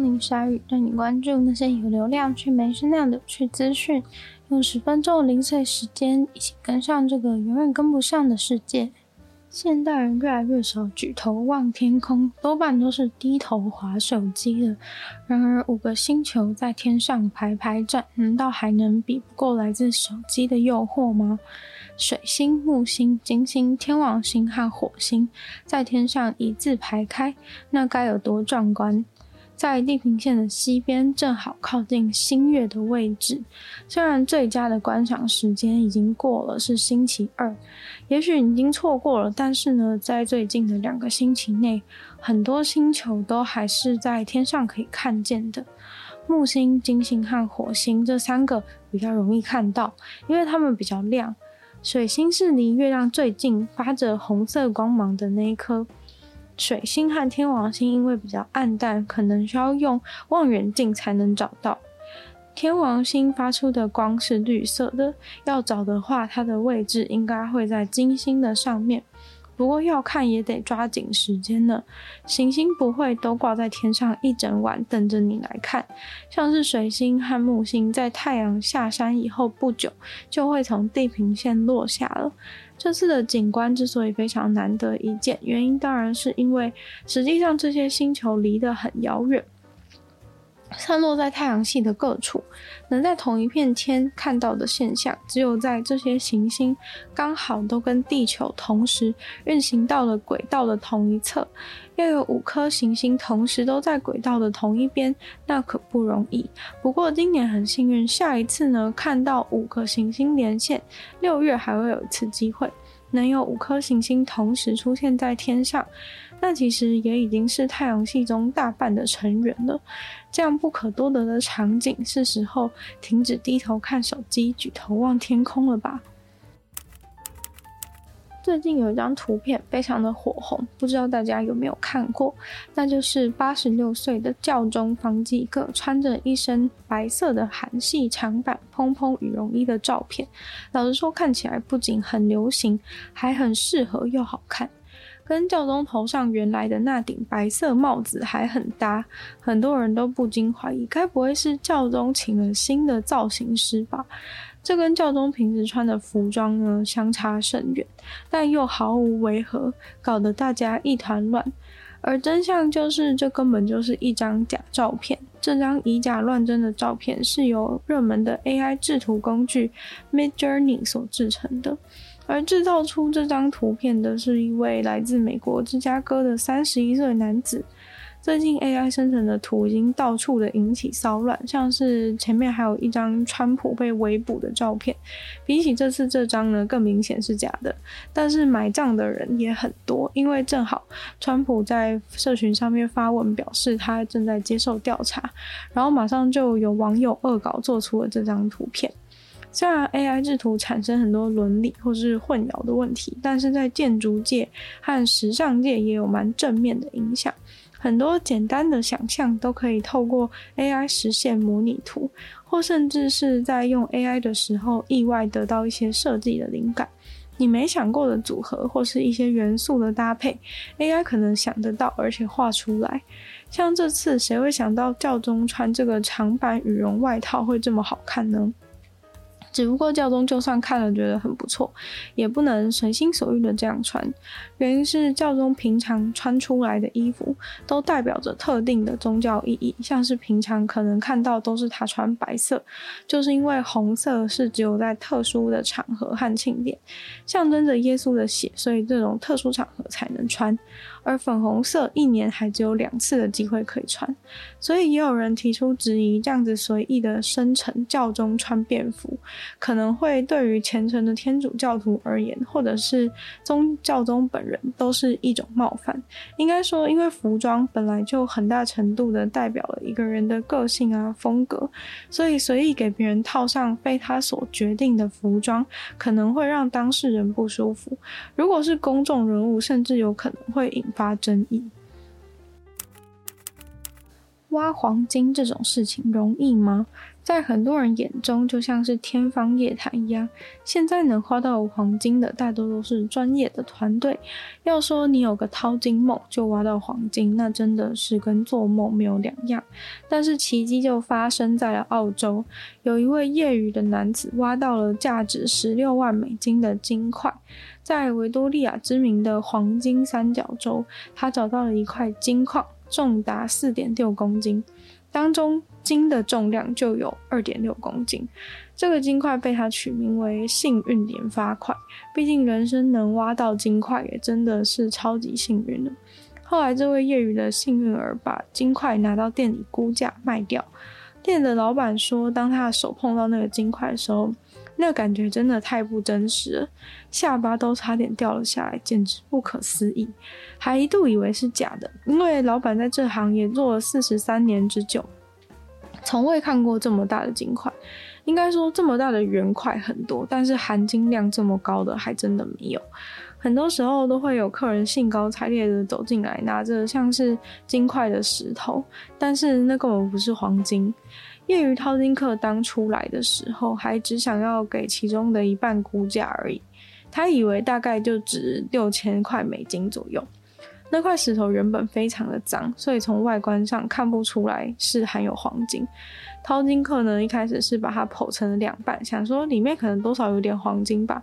歡迎光臨鯊語，帶你關注那些有流量卻沒聲量的有趣資訊。用十分鐘的零碎時間，一起跟上這個永遠跟不上的世界。現代人越來越少舉頭望天空，多半都是低頭滑手機的。然而，五個星球在天上排排站，難道還能比不過來自手機的誘惑嗎？水星、木星、金星、天王星和火星在天上一字排開，那該有多壯觀！在地平線的西邊，正好靠近星月的位置。雖然最佳的觀賞時間已經過了，是星期二，也許已經錯過了。但是呢，在最近的兩個星期內，很多星球都還是在天上可以看見的。木星、金星和火星這三個比較容易看到，因為它們比較亮。水星是離月亮最近、發着紅色光芒的那一顆。水星和天王星因為比較暗淡，可能需要用望遠鏡才能找到。天王星發出的光是綠色的，要找的話，它的位置應該會在金星的上面。不過要看也得抓緊時間呢，行星不會都掛在天上一整晚等着你來看。像是水星和木星，在太陽下山以後不久，就會從地平線落下了。這次的景觀之所以非常難得一見，原因當然是因為實際上這些星球離得很遙遠，散落在太陽系的各處，能在同一片天看到的現象，只有在這些行星剛好都跟地球同時運行到了軌道的同一側。要有五顆行星同時都在軌道的同一邊，那可不容易。不過今年很幸運，下一次呢，看到五顆行星連線，六月還會有一次機會，能有五顆行星同時出現在天上，那其實也已經是太陽系中大半的成員了。這樣不可多得的場景，是時候停止低頭看手機，舉頭望天空了吧。最近有一張圖片非常的火紅，不知道大家有沒有看過？那就是八十六歲的教宗方濟各穿着一身白色的韓系長版蓬蓬羽絨衣的照片。老實說，看起來不僅很流行，還很適合又好看。跟教宗頭上原來的那頂白色帽子還很搭，很多人都不禁懷疑，該不會是教宗請了新的造型師吧？這跟教宗平時穿的服裝呢，相差甚遠，但又毫無違和，搞得大家一團亂。而真相就是，這根本就是一張假照片。這張以假亂真的照片是由熱門的 AI 製圖工具 Mid Journey 所制成的。而製造出這張圖片的是一位來自美國芝加哥的三十一歲男子。最近 AI 生成的圖已經到處的引起騷亂，像是前面還有一張川普被圍捕的照片，比起這次這張呢更明顯是假的。但是買賬的人也很多，因為正好川普在社群上面發文表示他正在接受調查，然後馬上就有網友惡搞做出了這張圖片。雖然 AI 製圖產生很多倫理或是混淆的問題，但是在建築界和時尚界也有蠻正面的影響。很多簡單的想象都可以透過 AI 實現模擬圖，或甚至是在用 AI 的時候意外得到一些設計的靈感。你沒想過的組合或是一些元素的搭配，AI 可能想得到而且畫出來。像這次誰會想到教宗穿這個長版羽絨外套會這麼好看呢？只不過教宗就算看了覺得很不錯，也不能隨心所欲的這樣穿。原因是教宗平常穿出來的衣服都代表着特定的宗教意義，像是平常可能看到都是他穿白色，就是因為紅色是只有在特殊的場合和慶典，象徵着耶穌的血，所以這種特殊場合才能穿。而粉紅色一年還只有兩次的機會可以穿，所以也有人提出質疑：這樣子隨意的生成教宗穿便服，可能會對於虔誠的天主教徒而言，或者是宗教宗本人，都是一種冒犯。應該說，因為服裝本來就很大程度的代表了一個人的個性啊、風格，所以隨意給別人套上被他所決定的服裝，可能會讓當事人不舒服。如果是公眾人物，甚至有可能會引發爭議。挖黃金這種事情容易嗎？在很多人眼中，就像是天方夜譚一樣。現在能花到黃金的，大多都是專業的團隊。要說你有個淘金夢就挖到黃金，那真的是跟做夢沒有兩樣。但是奇跡就發生在了澳洲，有一位業餘的男子挖到了價值十六萬美金的金塊，在維多利亞知名的黃金三角洲，他找到了一塊金礦，重達四點六公斤，當中，金的重量就有二點六公斤，這個金塊被他取名為“幸運連發塊”。畢竟人生能挖到金塊也真的是超級幸運了。後來這位業餘的幸運兒把金塊拿到店裡估價賣掉，店的老板說，當他的手碰到那個金塊的時候，那感覺真的太不真實了，下巴都差點掉了下來，簡直不可思議，還一度以為是假的，因為老板在這行也做了四十三年之久。從未看過這麼大的金塊，應該說這麼大的圓塊很多，但是含金量這麼高的還真的沒有。很多時候都會有客人興高采烈的走進來，拿着像是金塊的石頭，但是那根本不是黃金。業餘淘金客當初來的時候，還只想要給其中的一半估價而已，他以為大概就值六千塊美金左右。那塊石頭原本非常的髒，所以從外觀上看不出來是含有黃金。淘金客，呢一開始是把它剖成了兩半，想說裡面可能多少有點黃金吧。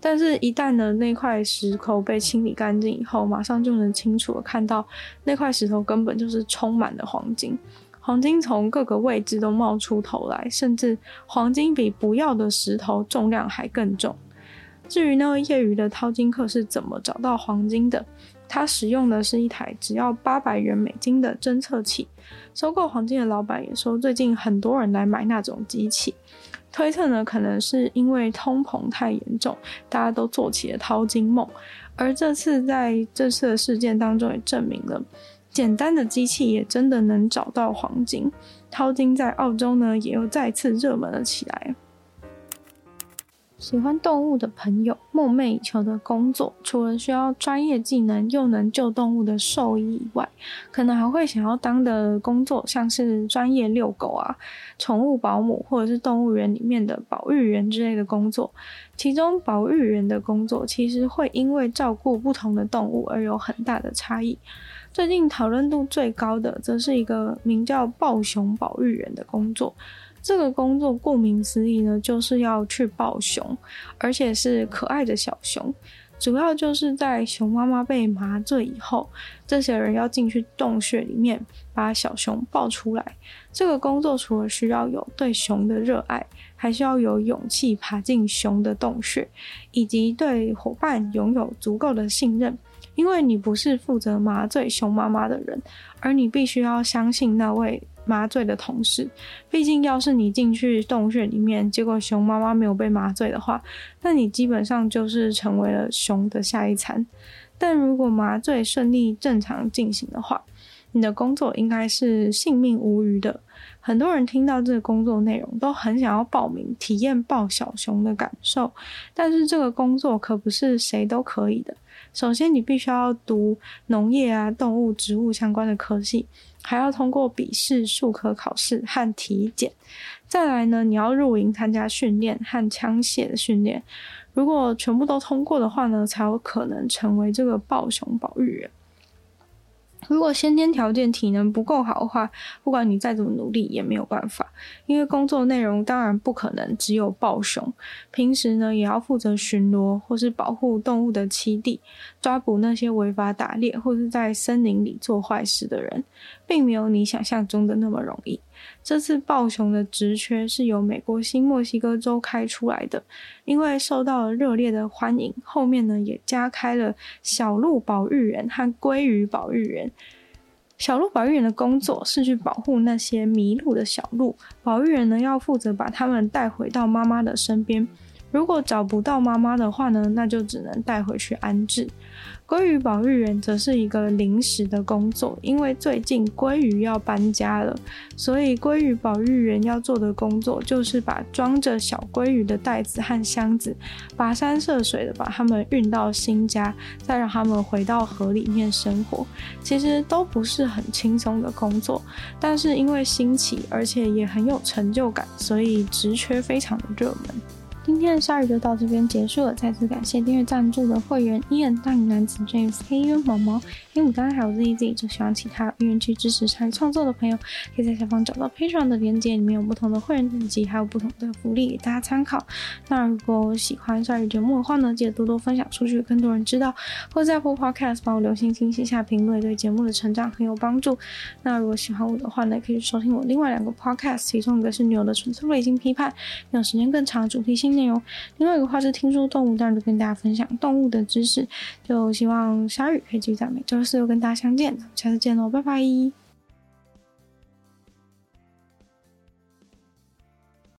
但是，一旦呢那塊石頭被清理乾淨以後，馬上就能清楚地看到那塊石頭根本就是充滿了黃金，黃金從各個位置都冒出頭來，甚至黃金比不要的石頭重量還更重。至於那位業餘的淘金客是怎麼找到黃金的？他使用的是一台只要八百元美金的偵測器，收購黃金的老板也說，最近很多人來買那種機器，推測呢，可能是因為通膨太嚴重，大家都做起了淘金夢。而這次在這次的事件當中也證明了，簡單的機器也真的能找到黃金，淘金在澳洲呢，也又再次熱門了起來。喜歡動物的朋友夢寐以求的工作，除了需要專業技能又能救動物的獸醫以外，可能還會想要當的工作，像是專業遛狗啊、寵物保姆，或者是動物園裡面的保育員之類的工作。其中保育員的工作其實會因為照顧不同的動物而有很大的差異。最近討論度最高的，則是一個名叫“抱熊保育員”的工作。這個工作顧名思義呢，就是要去抱熊，而且是可愛的小熊。主要就是在熊媽媽被麻醉以後，這些人要進去洞穴裡面把小熊抱出來。這個工作除了需要有對熊的熱愛，還需要有勇氣爬進熊的洞穴，以及對夥伴擁有足夠的信任。因為你不是負責麻醉熊媽媽的人，而你必須要相信那位。麻醉的同事，畢竟要是你進去洞穴裡面，結果熊媽媽沒有被麻醉的話，那你基本上就是成為了熊的下一餐。但如果麻醉順利正常進行的話，你的工作應該是性命無虞的。很多人聽到這個工作內容，都很想要報名體驗抱小熊的感受，但是這個工作可不是誰都可以的。首先，你必須要讀農業啊、動物、植物相關的科系，還要通過筆試、術科考試和體檢。再來呢，你要入營參加訓練和槍械的訓練。如果全部都通過的話呢，才有可能成為這個抱熊保育員。如果先天條件體能不夠好的話，不管你再怎麼努力也沒有辦法。因為工作內容當然不可能只有抱熊，平時呢也要負責巡邏或是保護動物的棲地，抓捕那些違法打獵或是在森林裡做壞事的人。並沒有你想象中的那麼容易。這次抱熊的職缺是由美國新墨西哥州開出來的，因為受到了熱烈的歡迎，後面呢也加開了小鹿保育員和鮭魚保育員。小鹿保育員的工作是去保護那些迷路的小鹿，保育員呢要負責把他們帶回到媽媽的身邊。如果找不到媽媽的話呢，那就只能帶回去安置。鮭魚保育員則是一個臨時的工作，因為最近鮭魚要搬家了，所以鮭魚保育員要做的工作就是把裝着小鮭魚的袋子和箱子跋山涉水的把它們運到新家，再讓它們回到河裡面生活。其實都不是很輕鬆的工作，但是因為新奇而且也很有成就感，所以職缺非常的熱門。今天的鯊語就到這邊結束了，再次感謝訂閱贊助的會員依然大齡男子 James hey, hey, 猛猛、黑淵某毛，還有大剛還有自己自己，就喜歡其他願意去支持參與創作的朋友，可以在下方找到 Patreon 的鏈接，裡面有不同的會員等級，還有不同的福利給大家參考。那如果喜歡鯊魚節目的話呢，記得多多分享出去，更多人知道，或在播 podcast 把我留心聽寫下評論，對節目的成長很有幫助。那如果喜歡我的話呢，可以收聽我另外兩個 podcast，其中一個是《女友的純粹不理性批判》，講時間更長，主題性內容，另外一個話是聽說動物，當然就跟大家分享動物的知識，就希望鯊魚可以繼續在每周四又跟大家相見，下次見嘍，拜拜。